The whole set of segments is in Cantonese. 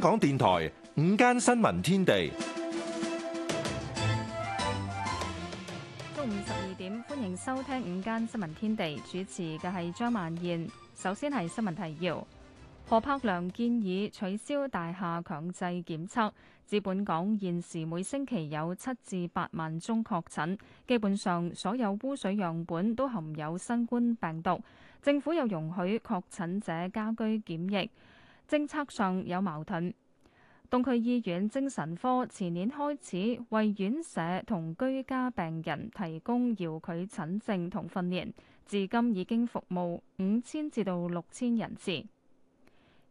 香港電台午間新聞天地，中午十二點，歡迎收聽午間新聞天地，主持嘅係張曼燕。首先係新聞提要，何柏良建議取消大廈強制檢測。指本港現時每星期有七至八萬宗確診，基本上所有污水樣本都含有新冠病毒。政府又容許確診者家居檢疫。政策上有矛盾。東區醫院精神科前年開始為院舍同居家病人提供遙距診症同訓練，至今已經服務五千至到六千人次。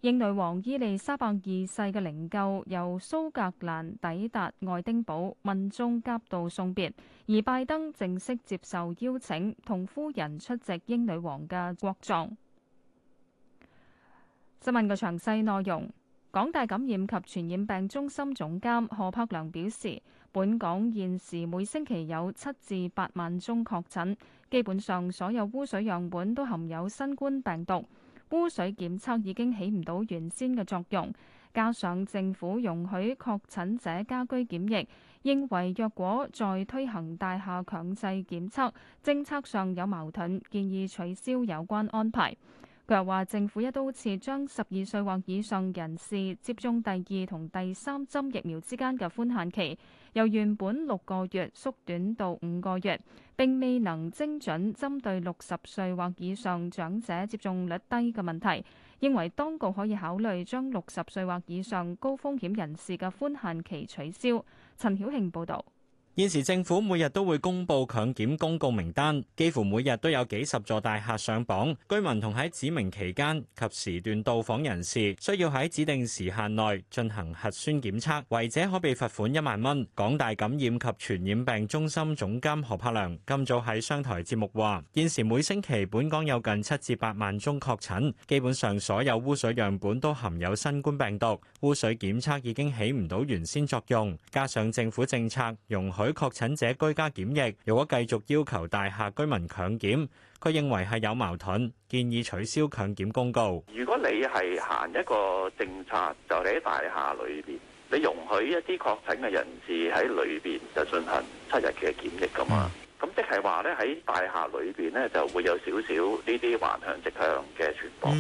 英女王伊麗莎白二世嘅靈柩由蘇格蘭抵達愛丁堡，民眾夾道送別。而拜登正式接受邀請，同夫人出席英女王嘅國葬。新聞嘅詳細內容，港大感染及傳染病中心總監何柏良表示，本港現時每星期有七至八萬宗確診，基本上所有污水樣本都含有新冠病毒。污水檢測已經起唔到原先嘅作用，加上政府容許確診者家居檢疫，認為若果再推行大廈強制檢測，政策上有矛盾，建議取消有關安排。佢又話：政府一刀切將十二歲或以上人士接種第二同第三針疫苗之間嘅寬限期，由原本六個月縮短到五個月，並未能精準針對六十歲或以上長者接種率低嘅問題，認為當局可以考慮將六十歲或以上高風險人士嘅寬限期取消。陳曉慶報道。現時政府每日都會公布強檢公告名單，幾乎每日都有幾十座大廈上榜，居民同喺指明期間及時段到訪人士需要喺指定時限內進行核酸檢測，違者可被罰款一萬蚊。港大感染及傳染病中心總監何柏良，今早喺商台節目話，現時每星期本港有近七至八萬宗確診，基本上所有污水樣本都含有新冠病毒，污水檢測已經起唔到原先作用，加上政府政策容許佢確診者居家檢疫，如果繼續要求大廈居民強檢，佢認為係有矛盾，建議取消強檢公告。如果你係行一個政策，就你喺大廈裏邊，你容許一啲確診嘅人士喺裏邊就進行七日嘅檢疫㗎嘛，咁即係話咧喺大廈裏邊咧就會有少少呢啲橫向、直向嘅傳播。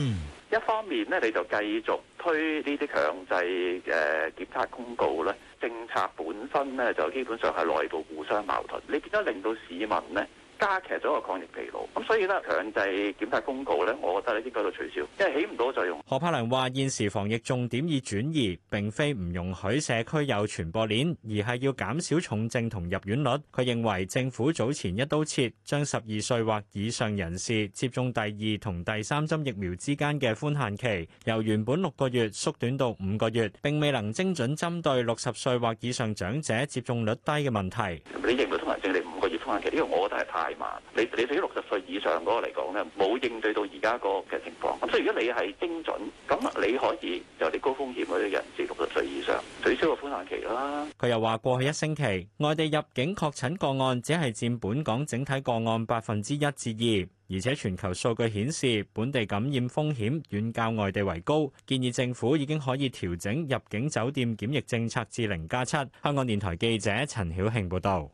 一方面咧，你就繼續推呢啲強制嘅檢測公告咧。政策本身咧就基本上係內部互相矛盾，你變咗令到市民咧。加劇咗個抗疫疲勞，咁所以呢強制檢測公告呢，我覺得呢應該喺度取消，因為起唔到作用。何柏良話：現時防疫重點已轉移，並非唔容許社區有傳播鏈，而係要減少重症同入院率。佢認為政府早前一刀切，將十二歲或以上人士接種第二同第三針疫苗之間嘅寬限期，由原本六個月縮短到五個月，並未能精準針對六十歲或以上長者接種率低嘅問題。你認為同埋剩係五個月？其實呢個我覺得係太慢，你你對於六十歲以上嗰個嚟講咧，冇應對到而家個嘅情況。咁所以如果你係精準，咁你可以就啲高風險嗰啲人士六十歲以上取消個寬限期啦。佢又話：過去一星期，外地入境確診個案只係佔本港整體個案百分之一至二，而且全球數據顯示本地感染風險遠較外地為高。建議政府已經可以調整入境酒店檢疫政策至零加七。香港電台記者陳曉慶報道。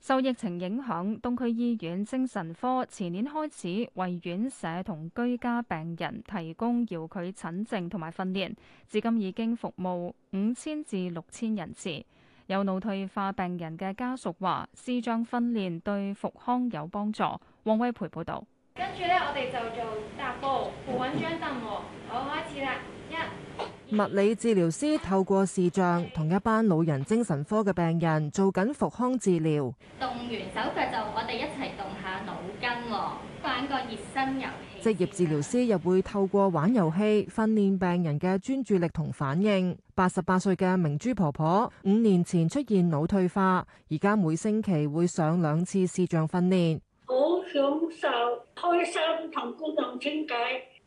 受疫情影響，東區醫院精神科前年開始為院舍同居家病人提供遙距診症同埋訓練，至今已經服務五千至六千人次。有腦退化病人嘅家屬話，視像訓練對復康有幫助。黃威培報道。跟住呢，我哋就做踏步，我揾張凳喎，好，好開始啦。物理治療師透過視像同一班老人精神科嘅病人做緊復康治療，動完手腳就我哋一齊動下腦筋咯，玩個熱身遊戲。職業治療師又會透過玩遊戲訓練病人嘅專注力同反應。八十八歲嘅明珠婆婆五年前出現腦退化，而家每星期會上兩次視像訓練。好享受開心同觀眾傾偈。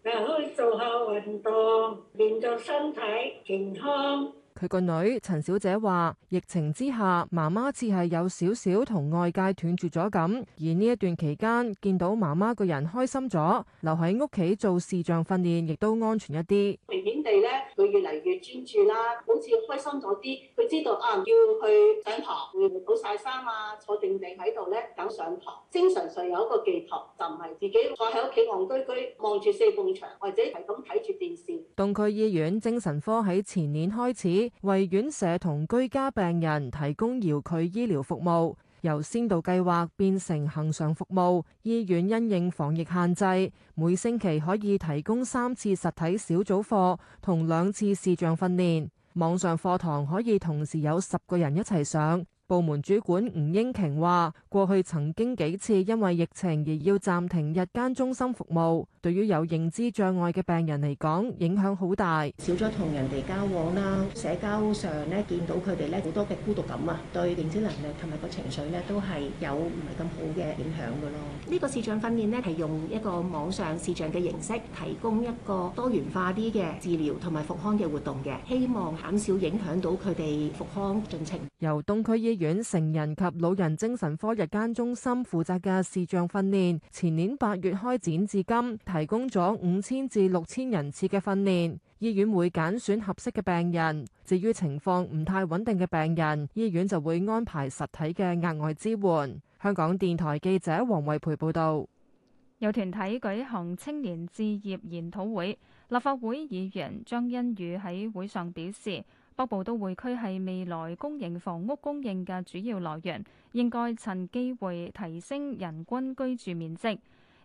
嗱，開做下運動，練到身體健康。佢個女陳小姐話：疫情之下，媽媽似係有少少同外界斷絕咗咁。而呢一段期間，見到媽媽個人開心咗，留喺屋企做視像訓練，亦都安全一啲。明顯地咧，佢越嚟越專注啦，好似開心咗啲。佢知道啊，要去上堂，唔好曬衫啊，坐定定喺度咧等上堂。精神上有一個寄託，就唔係自己坐喺屋企戇居居，望住四面牆，或者係咁睇住電視。東區醫院精神科喺前年開始。為院舍同居家病人提供遙距醫療服務，由先導計劃變成恆常服務。醫院因應防疫限制，每星期可以提供三次實體小組課同兩次視像訓練，網上課堂可以同時有十個人一齊上。部門主管吳英瓊話，過去曾經幾次因為疫情而要暫停日間中心服務，對於有認知障礙嘅病人嚟講，影響好大，少咗同人哋交往啦，社交上呢，見到佢哋呢好多嘅孤獨感啊，對認知能力同埋個情緒呢，都係有唔係咁好嘅影響噶咯。呢個視像訓練呢，係用一個網上視像嘅形式，提供一個多元化啲嘅治療同埋復康嘅活動嘅，希望減少影響到佢哋復康進程。由東區醫院成人及老人精神科日間中心負責嘅視像訓練，前年八月開展至今，提供咗五千至六千人次嘅訓練。醫院會揀選合適嘅病人，至於情況唔太穩定嘅病人，醫院就會安排實體嘅額外支援。香港電台記者黃慧培報道。有團體舉行青年置業研討會，立法會議員張欣宇喺會上表示。北部都會區係未來公營房屋供應嘅主要來源，應該趁機會提升人均居住面積。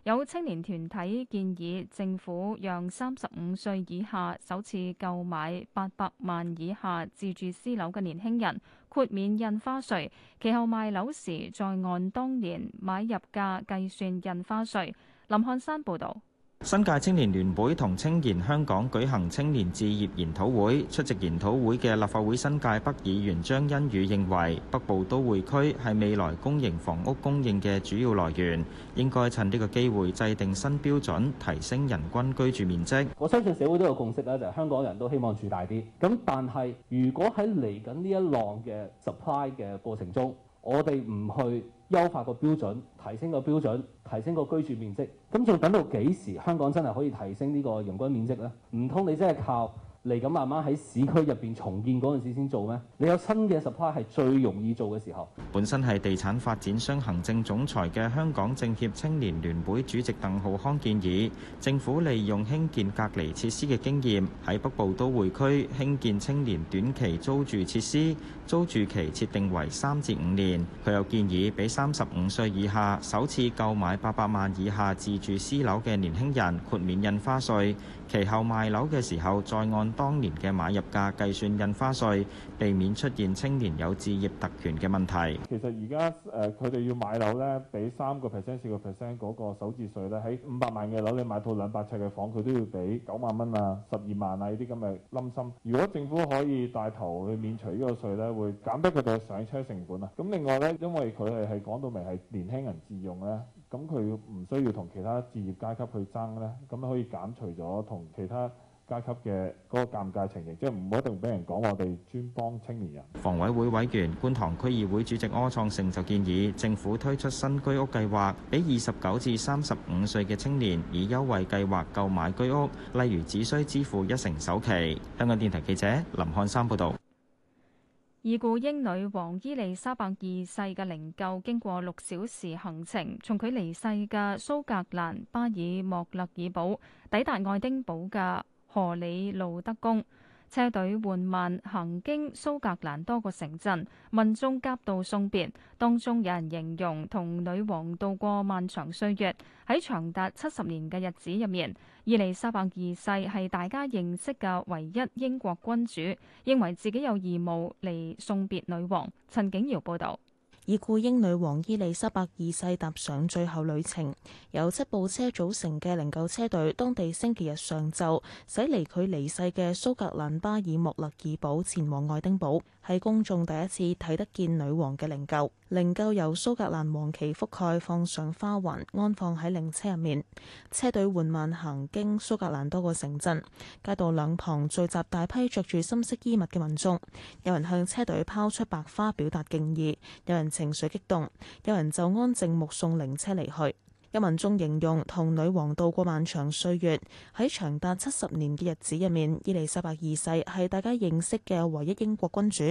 有青年團體建議政府讓三十五歲以下首次購買八百萬以下自住私樓嘅年輕人豁免印花稅，其後賣樓時再按當年買入價計算印花稅。林漢山報導。新界青年聯會同青年香港舉行青年置業研討會，出席研討會嘅立法會新界北議員張欣宇認為，北部都會區係未來公營房屋供應嘅主要來源，應該趁呢個機會制定新標準，提升人均居住面積。我相信社會都有共識咧，就係香港人都希望住大啲。咁但係如果喺嚟緊呢一浪嘅 supply 嘅過程中，我哋唔去優化個標準，提升個標準，提升個居住面積，咁仲等到幾時香港真係可以提升呢個人均面積呢？唔通你真係靠？嚟緊慢慢喺市區入邊重建嗰陣時先做咩？你有新嘅 support 係最容易做嘅時候。本身係地產發展商行政總裁嘅香港政協青年聯會主席鄧浩康建議，政府利用興建隔離設施嘅經驗，喺北部都會區興建青年短期租住設施，租住期設定為三至五年。佢又建議，俾三十五歲以下首次購買八百萬以下自住私樓嘅年輕人豁免印花稅。其後賣樓嘅時候，再按當年嘅買入價計算印花稅，避免出現青年有置業特權嘅問題。其實而家誒，佢哋要買樓咧，俾三個 percent 四個 percent 嗰個首置稅咧，喺五百萬嘅樓，你買套兩百尺嘅房，佢都要俾九萬蚊啊，十二萬啊呢啲咁嘅冧心。如果政府可以帶頭去免除呢個稅咧，會減低佢哋嘅上車成本啊。咁另外咧，因為佢哋係講到明係年輕人自用咧。咁佢唔需要同其他置業階級去爭咧，咁可以減除咗同其他階級嘅嗰個尷尬情形，即係唔一定俾人講我哋專幫青年人。房委會委員、觀塘區議會主席柯創盛就建議政府推出新居屋計劃，俾二十九至三十五歲嘅青年以優惠計劃購買居屋，例如只需支付一成首期。香港電台記者林漢山報道。已故英女王伊麗莎白二世嘅靈柩經過六小時行程，從佢離世嘅蘇格蘭巴爾莫勒爾堡抵達愛丁堡嘅荷里路德宮。車隊緩慢行經蘇格蘭多個城鎮，民眾夾道送別，當中有人形容同女王度過漫長歲月。喺長達七十年嘅日子入面，伊利莎白二世係大家認識嘅唯一英國君主，認為自己有義務嚟送別女王。陳景瑤報道。已故英女王伊利莎白二世踏上最後旅程，由七部車組成嘅靈柩車隊當地星期日上晝駛離佢離世嘅蘇格蘭巴爾莫勒爾堡，前往愛丁堡，係公眾第一次睇得見女王嘅靈柩。靈柩由蘇格蘭王旗覆蓋，放上花環，安放喺靈車入面。車隊緩慢行經蘇格蘭多個城鎮，街道兩旁聚集大批着住深色衣物嘅民眾，有人向車隊拋出白花表達敬意，有人。情緒激動，有人就安靜目送靈車離去。有民眾形容同女王度過漫長歲月，喺長達七十年嘅日子入面，伊麗莎白二世係大家認識嘅唯一英國君主。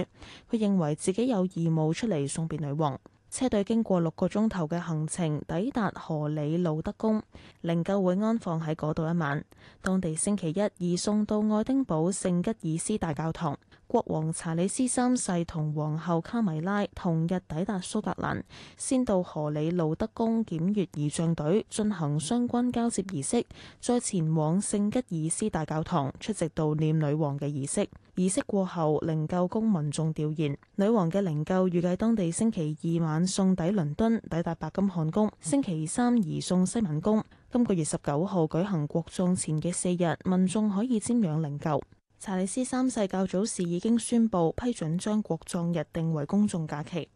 佢認為自己有義務出嚟送別女王。車隊經過六個鐘頭嘅行程，抵達荷里路德宮，靈柩會安放喺嗰度一晚。當地星期一移送到愛丁堡聖吉爾斯大教堂。國王查理斯三世同皇后卡米拉同日抵達蘇格蘭，先到荷里路德宮檢閱儀仗隊，進行相關交接儀式，再前往聖吉爾斯大教堂出席悼念女王嘅儀式。儀式過後，靈柩供民眾吊唁。女王嘅靈柩預計當地星期二晚送抵倫敦，抵達白金漢宮，星期三移送西敏宮。今個月十九號舉行國葬前嘅四日，民眾可以瞻仰靈柩。查理斯三世較早時已經宣布批准將國葬日定為公眾假期。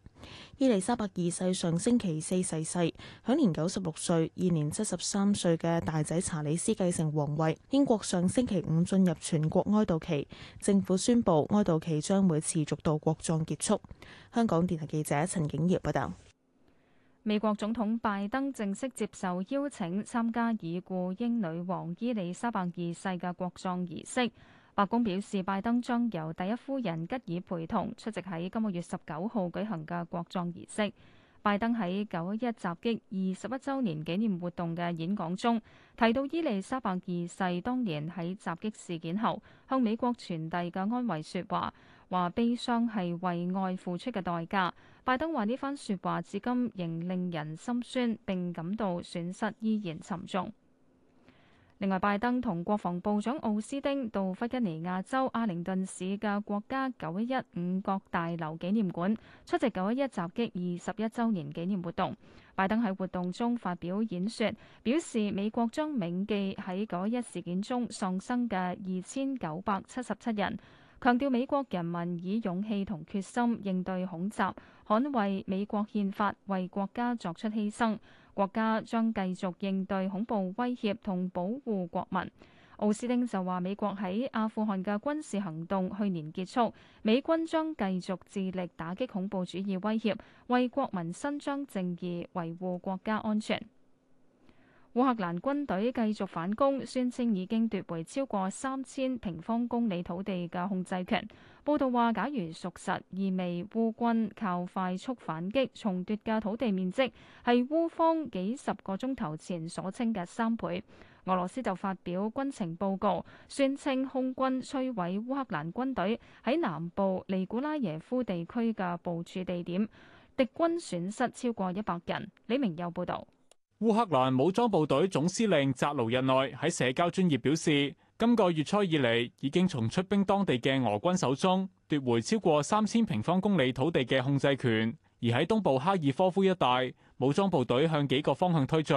伊麗莎白二世上星期四逝世，世，享年九十六歲，現年七十三歲嘅大仔查理斯繼承皇位。英國上星期五進入全國哀悼期，政府宣布哀悼期將會持續到國葬結束。香港電台記者陳景業報道：美國總統拜登正式接受邀請，參加已故英女王伊利莎白二世嘅國葬儀式。白宮表示，拜登將由第一夫人吉爾陪同出席喺今個月十九號舉行嘅國葬儀式。拜登喺九一一襲擊二十一周年紀念活動嘅演講中，提到伊麗莎白二世當年喺襲擊事件後向美國傳遞嘅安慰說話，話悲傷係為愛付出嘅代價。拜登話呢番說話至今仍令人心酸，並感到損失依然沉重。另外，拜登同國防部長奧斯丁到弗吉尼亞州阿靈頓市嘅國家九一一五角大樓紀念館出席九一一襲擊二十一周年紀念活動。拜登喺活動中發表演說，表示美國將銘記喺九一一事件中喪生嘅二千九百七十七人，強調美國人民以勇氣同決心應對恐襲。捍衛美國憲法、為國家作出犧牲，國家將繼續應對恐怖威脅同保護國民。奧斯丁就話：美國喺阿富汗嘅軍事行動去年結束，美軍將繼續致力打擊恐怖主義威脅，為國民伸張正義，維護國家安全。烏克蘭軍隊繼續反攻，宣稱已經奪回超過三千平方公里土地嘅控制權。報道話，假如屬實，意味烏軍靠快速反擊重奪嘅土地面積係烏方幾十個鐘頭前所稱嘅三倍。俄羅斯就發表軍情報告，宣稱空軍摧毀烏克蘭軍隊喺南部尼古拉耶夫地區嘅部署地點，敵軍損失超過一百人。李明佑報導。烏克蘭武裝部隊總司令扎盧日內喺社交專業表示，今個月初以嚟，已經從出兵當地嘅俄軍手中奪回超過三千平方公里土地嘅控制權，而喺東部哈爾科夫一帶，武裝部隊向幾個方向推進。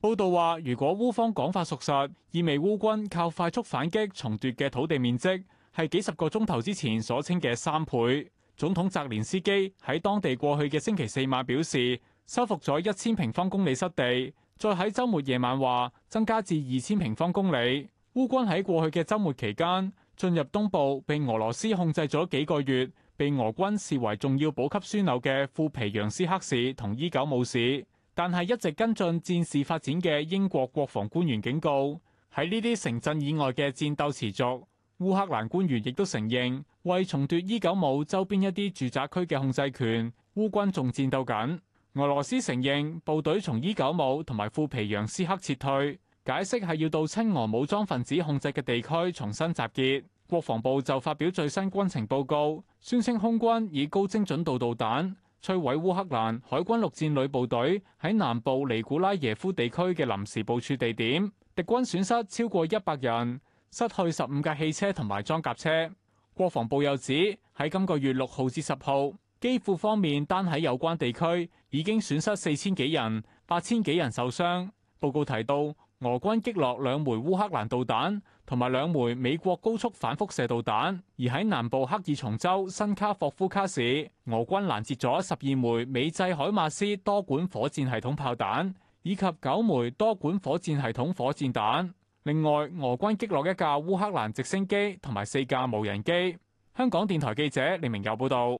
報道話，如果烏方講法屬實，意味烏軍靠快速反擊重奪嘅土地面積係幾十個鐘頭之前所稱嘅三倍。總統澤連斯基喺當地過去嘅星期四晚表示。收復咗一千平方公里失地，再喺周末夜晚話增加至二千平方公里。烏軍喺過去嘅周末期間進入東部，被俄羅斯控制咗幾個月，被俄軍視為重要補給樞紐嘅庫皮揚斯克市同伊久姆市，但係一直跟進戰事發展嘅英國國防官員警告，喺呢啲城鎮以外嘅戰鬥持續。烏克蘭官員亦都承認，為重奪伊久姆周邊一啲住宅區嘅控制權，烏軍仲戰鬥緊。俄羅斯承認部隊從伊久姆同埋庫皮揚斯克撤退，解釋係要到親俄武裝分子控制嘅地區重新集結。國防部就發表最新軍情報告，宣稱空軍以高精準度導彈摧毀烏克蘭海軍陸戰旅部隊喺南部尼古拉耶夫地區嘅臨時部署地點，敵軍損失超過一百人，失去十五架汽車同埋裝甲車。國防部又指喺今個月六號至十號。基輔方面單喺有關地區已經損失四千幾人，八千幾人受傷。報告提到，俄軍擊落兩枚烏克蘭導彈同埋兩枚美國高速反輻射導彈，而喺南部克爾松州新卡霍夫卡市，俄軍攔截咗十二枚美製海馬斯多管火箭系統炮彈以及九枚多管火箭系統火箭彈。另外，俄軍擊落一架烏克蘭直升機同埋四架無人機。香港電台記者李明友報道。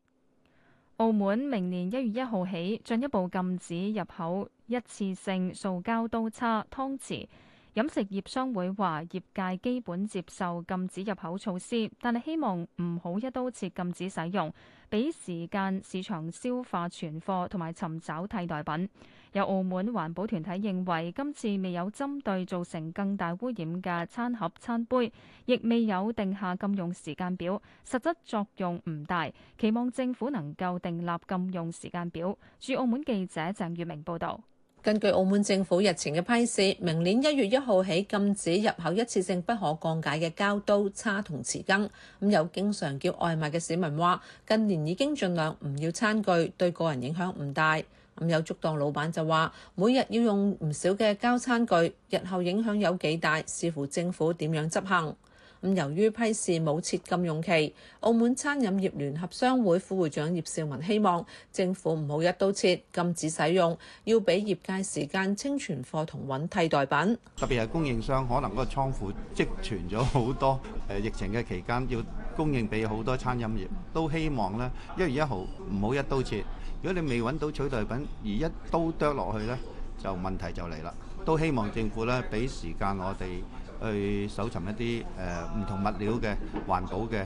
澳門明年一月一號起進一步禁止入口一次性塑膠刀叉、湯匙。飲食業商會話，業界基本接受禁止入口措施，但係希望唔好一刀切禁止使用，俾時間市場消化存貨同埋尋找替代品。有澳門環保團體認為，今次未有針對造成更大污染嘅餐盒、餐杯，亦未有定下禁用時間表，實質作用唔大。期望政府能夠訂立禁用時間表。駐澳門記者鄭月明報導。根據澳門政府日前嘅批示，明年一月一號起禁止入口一次性不可降解嘅膠刀、叉同匙羹。咁有經常叫外賣嘅市民話，近年已經盡量唔要餐具，對個人影響唔大。咁有粥檔老闆就話，每日要用唔少嘅膠餐具，日後影響有幾大，視乎政府點樣執行。咁由於批示冇設禁用期，澳門餐飲業聯合商會副會長葉兆文希望政府唔好一刀切禁止使用，要俾業界時間清存貨同揾替代品。特別係供應商可能個倉庫積存咗好多，誒、啊、疫情嘅期間要供應俾好多餐飲業，都希望呢，一月一號唔好一刀切。如果你未揾到取代品，而一刀剁落去呢，就問題就嚟啦。都希望政府呢，俾時間我哋去搜尋一啲誒唔同物料嘅環保嘅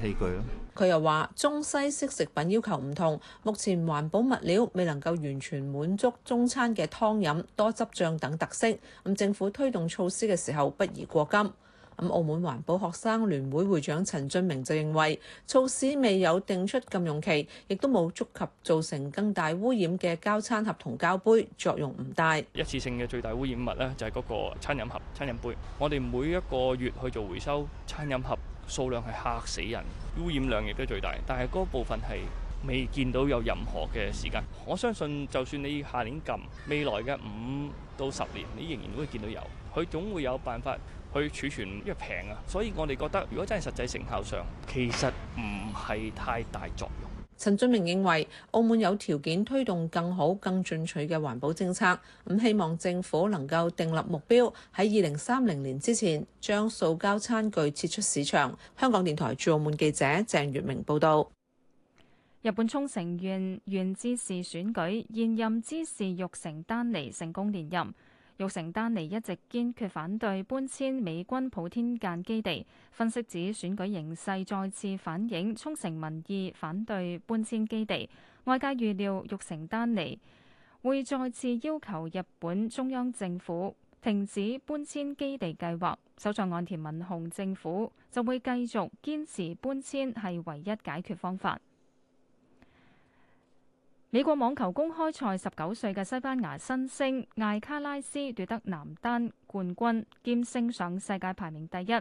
誒器具咯。佢又話：中西式食品要求唔同，目前環保物料未能夠完全滿足中餐嘅湯飲、多汁醬等特色。咁政府推動措施嘅時候，不宜過急。咁澳門環保學生聯會會長陳俊明就認為，措施未有定出禁用期，亦都冇觸及造成更大污染嘅膠餐盒同膠杯，作用唔大。一次性嘅最大污染物咧就係嗰個餐飲盒、餐飲杯。我哋每一個月去做回收，餐飲盒數量係吓死人，污染量亦都最大。但係嗰部分係未見到有任何嘅時間，我相信就算你下年禁，未來嘅五到十年，你仍然會見到有。佢總會有辦法。去儲存，因為平啊，所以我哋覺得如果真係實際成效上，其實唔係太大作用。陳俊明認為澳門有條件推動更好、更進取嘅環保政策，咁希望政府能夠訂立目標，喺二零三零年之前將塑膠餐具撤出市場。香港電台駐澳門記者鄭月明報導。日本沖繩縣縣知事選舉，現任知事玉城丹尼成功連任。玉城丹尼一直堅決反對搬遷美軍普天間基地，分析指選舉形勢再次反映沖繩民意反對搬遷基地，外界預料玉城丹尼會再次要求日本中央政府停止搬遷基地計劃，首相岸田文雄政府就會繼續堅持搬遷係唯一解決方法。美國網球公開賽，十九歲嘅西班牙新星艾卡拉斯奪得男單冠軍，兼升上世界排名第一。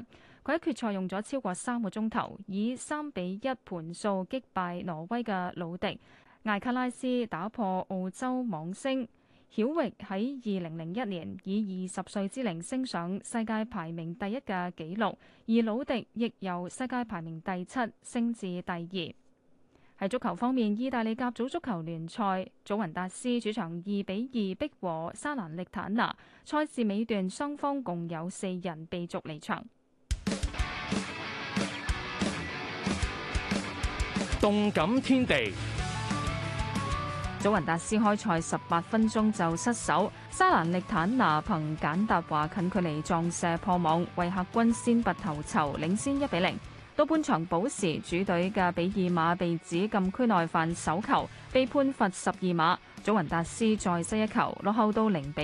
佢喺決賽用咗超過三個鐘頭，以三比一盤數擊敗挪威嘅魯迪。艾卡拉斯打破澳洲網星曉域喺二零零一年以二十歲之齡升上世界排名第一嘅紀錄，而魯迪亦由世界排名第七升至第二。喺足球方面，意大利甲組足球聯賽，祖雲達斯主場二比二逼和沙蘭力坦拿，賽事尾段雙方共有四人被逐離場。動感天地，祖雲達斯開賽十八分鐘就失守，沙蘭力坦拿憑簡達華近距離撞射破網，為客軍先拔頭籌，領先一比零。到半場補時，主隊嘅比爾馬被指禁區內犯手球，被判罰十二碼。祖雲達斯再失一球，落後到零比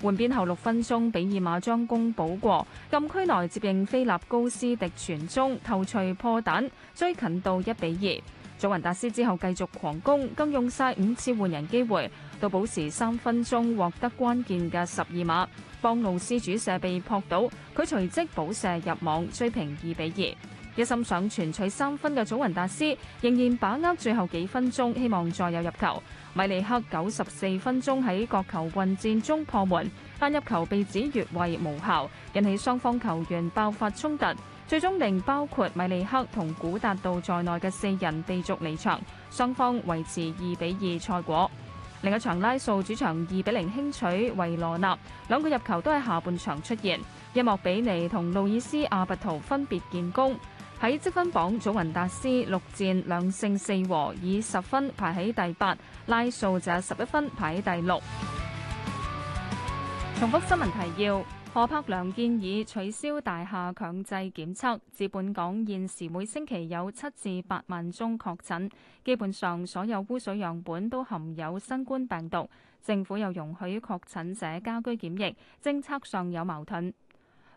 二。換邊後六分鐘，比爾馬將功補過，禁區內接應菲立高斯迪傳中，頭槌破蛋，追近到一比二。祖雲達斯之後繼續狂攻，更用晒五次換人機會，到補時三分鐘獲得關鍵嘅十二碼。邦路斯主射被撲倒，佢隨即補射入網，追平二比二。一心想全取三分嘅祖雲達斯，仍然把握最後幾分鐘，希望再有入球。米利克九十四分鐘喺角球混戰中破門，但入球被指越位無效，引起雙方球員爆發衝突。最終，令包括米利克同古達道在內的四人被逐離場，雙方維持二比二賽果。另一場拉素主場二比零輕取維羅納，兩個入球都喺下半場出現。一莫比尼同路易斯阿拔圖分別建功。喺積分榜，祖雲達斯六戰兩勝四和，以十分排喺第八；拉素者十一分排喺第六。重複新聞提要：何柏良建議取消大廈強制檢測，至本港現時每星期有七至八萬宗確診，基本上所有污水樣本都含有新冠病毒。政府又容許確診者家居檢疫，政策上有矛盾。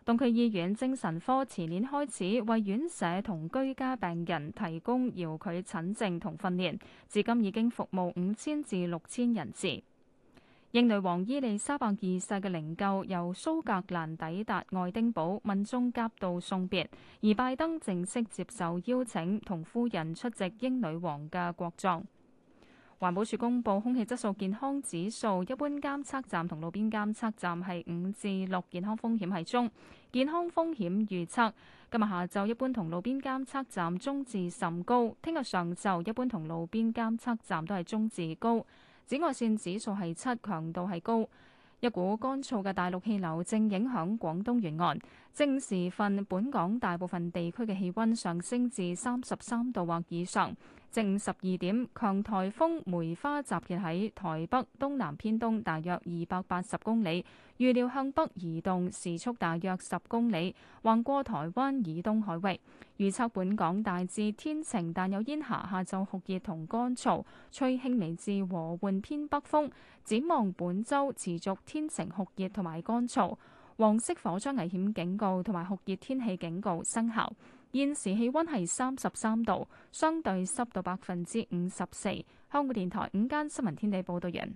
東區醫院精神科前年開始為院舍同居家病人提供遙距診症同訓練，至今已經服務五千至六千人次。英女王伊麗莎白二世嘅靈柩由蘇格蘭抵達愛丁堡，民眾夾道送別，而拜登正式接受邀請，同夫人出席英女王嘅國葬。環保署公布空氣質素健康指數，一般監測站同路邊監測站係五至六，健康風險係中。健康風險預測今日下晝一般同路邊監測站中至甚高，聽日上晝一般同路邊監測站都係中至高。紫外線指數係七，強度係高。一股乾燥嘅大陸氣流正影響廣東沿岸，正時分本港大部分地區嘅氣温上升至三十三度或以上。正十二點，強颱風梅花集結喺台北東南偏東大約二百八十公里，預料向北移動，時速大約十公里，橫過台灣以東海域。預測本港大致天晴，但有煙霞下，下晝酷熱同乾燥，吹輕微至和緩偏北風。展望本週持續天晴酷熱同埋乾燥，黃色火災危險警告同埋酷熱天氣警告生效。現時氣溫係三十三度，相對濕度百分之五十四。香港電台午間新聞天地報道完。